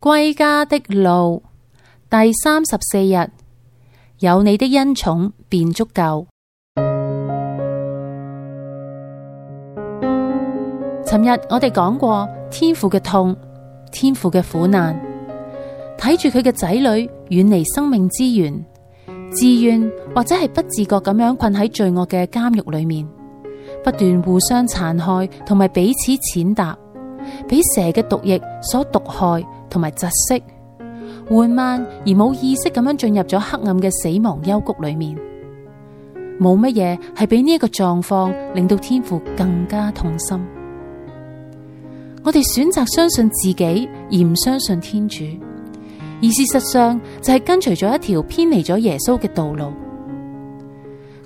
歸家的路第三十四日，有祢的恩寵便足夠。尋日我哋講過天父嘅痛，天父嘅苦難，睇住佢嘅仔女遠離生命之源，自願或者係不自覺咁樣困喺罪惡嘅監獄裏面，不斷互相殘害，同埋彼此踐踏，俾蛇嘅毒液所毒害。同埋窒息，緩慢而冇意識咁樣進入咗黑暗嘅死亡幽谷裏面，冇乜嘢係比呢一個狀況令到天父更加痛心。我哋選擇相信自己而唔相信天主，而事實上就係跟隨咗一條偏離咗耶穌嘅道路。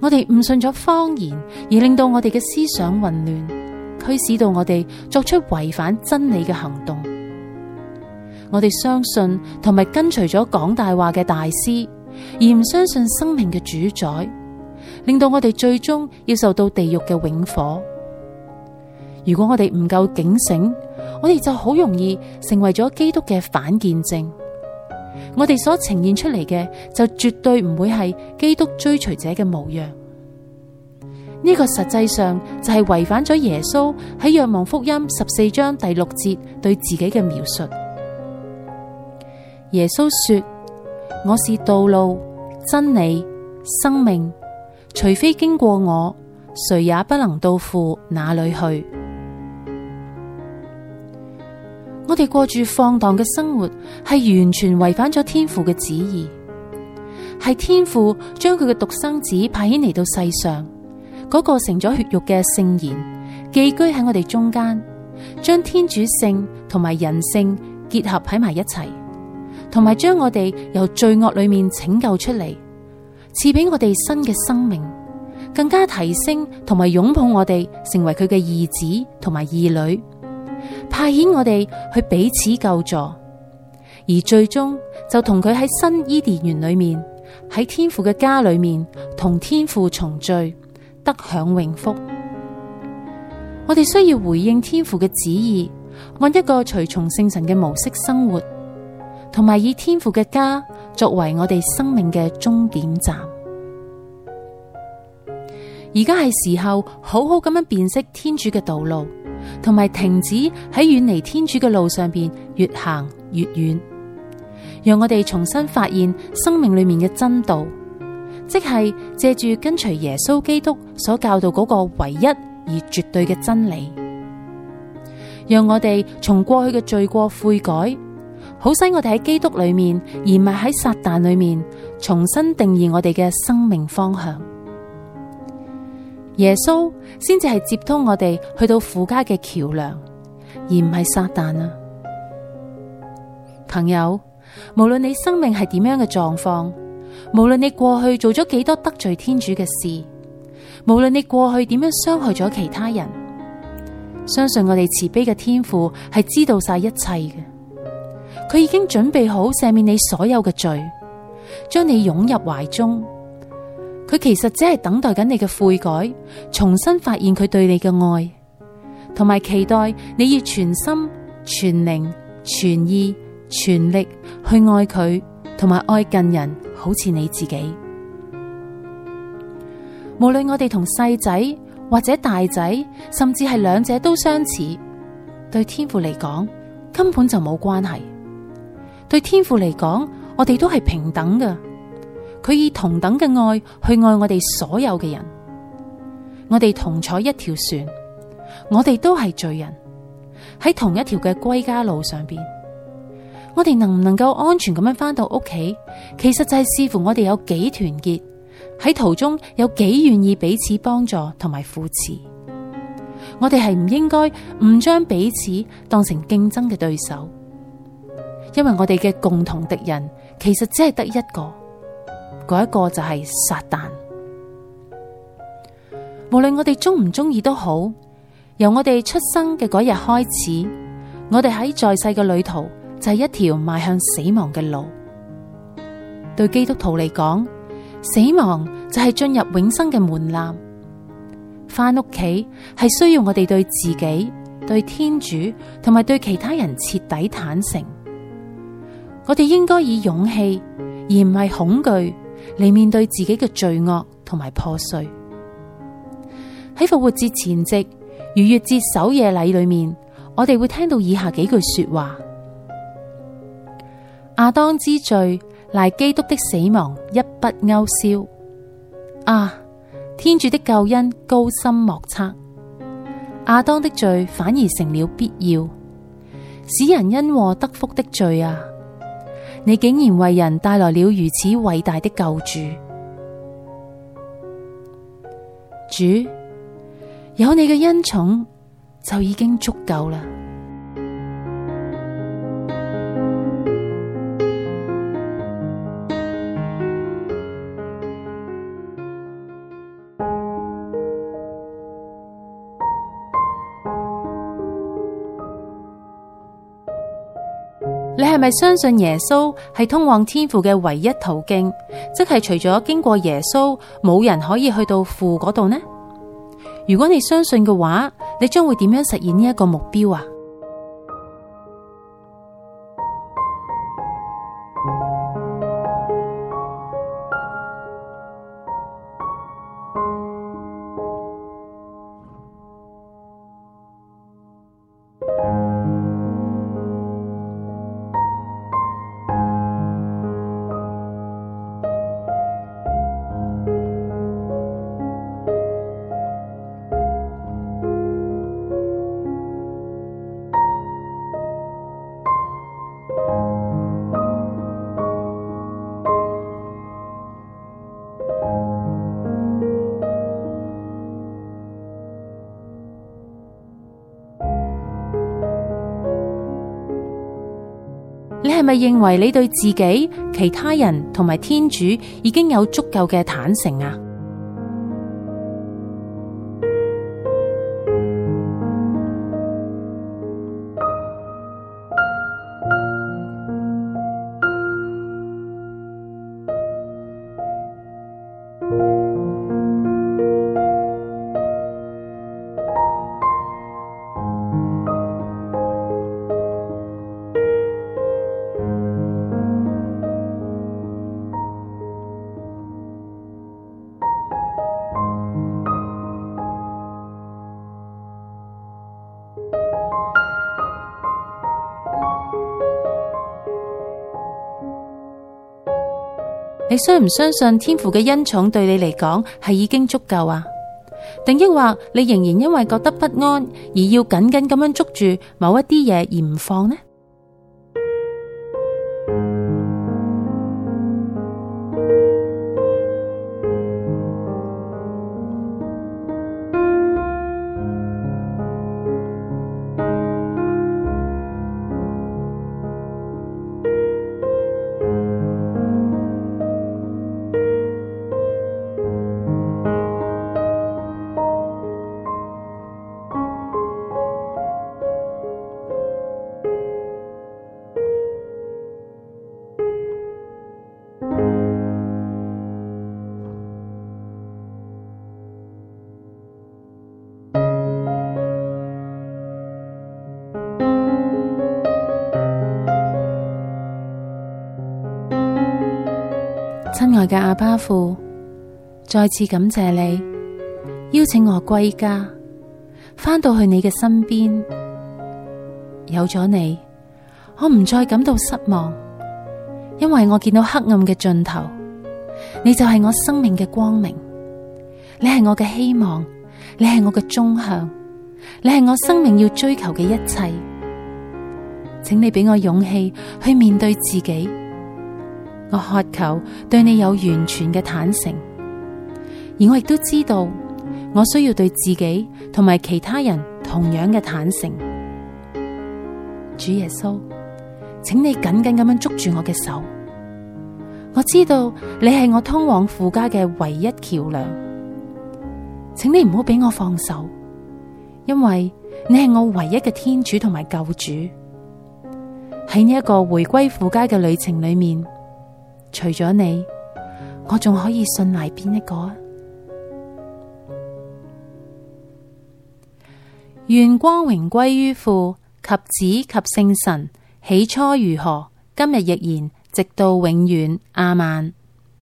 我哋誤信咗謊言，而令到我哋嘅思想混亂，驅使到我哋作出違反真理嘅行動。我哋相信同埋跟隨咗講大話嘅大師，而唔相信生命嘅主宰，令到我哋最終要受到地獄嘅永火。如果我哋唔夠警醒，我哋就好容易成為咗基督嘅反見證。我哋所呈現出嚟嘅就絕對唔會係基督追隨者嘅模樣。呢個實際上就係違反咗耶穌喺《若望福音》十四章第六節對自己嘅描述。耶穌說：「我是道路、真理、生命，除非經過我，誰也不能到父那裡去。」 我哋過住放蕩嘅生活，係完全違反咗天父嘅旨意。係天父將佢嘅獨生子派遣嚟到世上，嗰、那個成咗血肉嘅聖言，寄居喺我哋中間，將天主性同埋人性結合喺埋一齊。同埋將我哋由罪惡裏面拯救出嚟，賜俾我哋新嘅生命，更加提升同埋擁抱我哋，成為佢嘅義子同埋義女，派遣我哋去彼此救助，而最終就同佢喺新伊甸園裏面，喺天父嘅家裏面同天父重聚，得享永福。我哋需要回應天父嘅旨意，按一個隨從聖神嘅模式生活。同埋以，以天父嘅家作為我哋生命嘅終點站，而家係時候好好咁樣辨識天主嘅道路，同埋停止喺遠離天主嘅路上邊越行越遠，讓我哋重新發現生命裏面嘅真道，即係借住跟隨耶穌基督所教導嗰個唯一而絕對嘅真理，讓我哋從過去嘅罪過悔改。好使我哋喺基督裏面，而唔係喺撒旦裏面，重新定義我哋嘅生命方向。耶穌先至係接通我哋去到父家嘅橋樑，而唔係撒旦啊！朋友，無論你生命係點樣嘅狀況，無論你過去做咗幾多得罪天主嘅事，無論你過去點樣傷害咗其他人，相信我哋慈悲嘅天父係知道晒一切嘅。佢已經準備好赦免你所有嘅罪，將你擁入懷中。佢其實只係等待緊你嘅悔改，重新發現佢對你嘅愛，同埋期待你要全心、全靈、全意、全力去愛佢，同埋愛近人，好似你自己。無論我哋同細仔或者大仔，甚至係兩者都相似，對天父嚟講，根本就冇關係。對天父嚟講，我哋都係平等嘅。佢以同等嘅愛去愛我哋所有嘅人。我哋同坐一條船，我哋都係罪人，喺同一條嘅歸家路上邊，我哋能唔能夠安全咁樣翻到屋企，其實就係視乎我哋有幾團結，喺途中有幾願意彼此幫助同埋扶持。我哋係唔應該唔將彼此當成競爭嘅對手。因為我哋嘅共同敵人其實只係得一個，嗰一個就係撒旦。無論我哋中唔中意都好，由我哋出生嘅嗰日開始，我哋喺在，在世嘅旅途就係一條邁向死亡嘅路。對基督徒嚟講，死亡就係進入永生嘅門檻。返屋企係需要我哋對自己、對天主同埋對其他人徹底坦誠。我哋應該以勇氣而唔係恐懼嚟面對自己嘅罪惡同埋破碎。喺復活節前夕，逾越節守夜禮裏面，我哋會聽到以下幾句說話：亞當之罪，賴基督的死亡一筆勾銷。啊，天主的救恩高深莫測。亞當的罪反而成了必要，使人因禍得福的罪啊！你竟然為人帶來了如此偉大的救主，主，有你嘅恩寵就已經足夠啦。你係咪相信耶穌係通往天父嘅唯一途徑？即係除咗經過耶穌，冇人可以去到父嗰度呢？如果你相信嘅話，你將會點樣實現呢一個目標啊？係咪認為你對自己、其他人同埋天主已經有足夠嘅坦誠啊？你相唔相信天父嘅恩寵對你嚟講係已經足夠啊？定抑或你仍然因為覺得不安而要緊緊咁樣捉住某一啲嘢，而唔放呢？愛嘅阿爸父，再次感謝你邀請我歸家，翻到去你嘅身邊。有咗你，我唔再感到失望，因為我見到黑暗嘅盡頭，你就係我生命嘅光明。你係我嘅希望，你係我嘅終向，你係我生命要追求嘅一切。請你俾我勇氣去面對自己。我渴求對你有完全嘅坦誠，而我亦都知道我需要對自己同埋其他人同樣嘅坦誠。主耶穌，請你緊緊咁樣捉住我嘅手。我知道你係我通往父家嘅唯一橋樑，請你唔好俾我放手，因為你係我唯一嘅天主同埋救主。喺呢一個回歸父家嘅旅程裏面，除咗你，我仲可以信賴邊一個？願光榮歸於父及子及聖神，起初如何，今日亦然，直到永遠。亞孟。